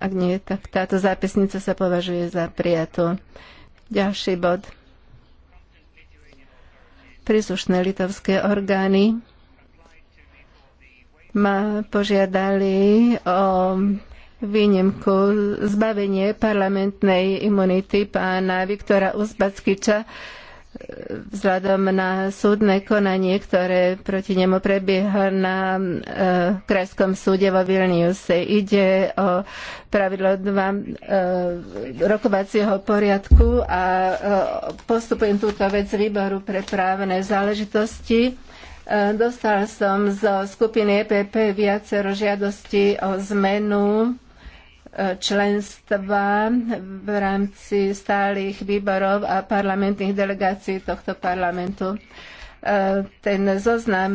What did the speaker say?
Ak nie, tak táto zápisnica sa považuje za prijatú. Ďalší bod. Príslušné litovské orgány ma požiadali o výnimku zbavenie parlamentnej imunity pána Viktora Uzbackyča vzhľadom na súdne konanie, ktoré proti nemu prebieha na e, Krajskom súde vo Vilniuse. Ide o pravidlo 2 e, rokovacieho poriadku a e, postupujem túto vec výboru pre právne záležitosti. E, dostal som zo skupiny EPP viacero žiadosti o zmenu členstva v rámci stálych výborov a parlamentných delegácií tohto parlamentu. E, ten zoznam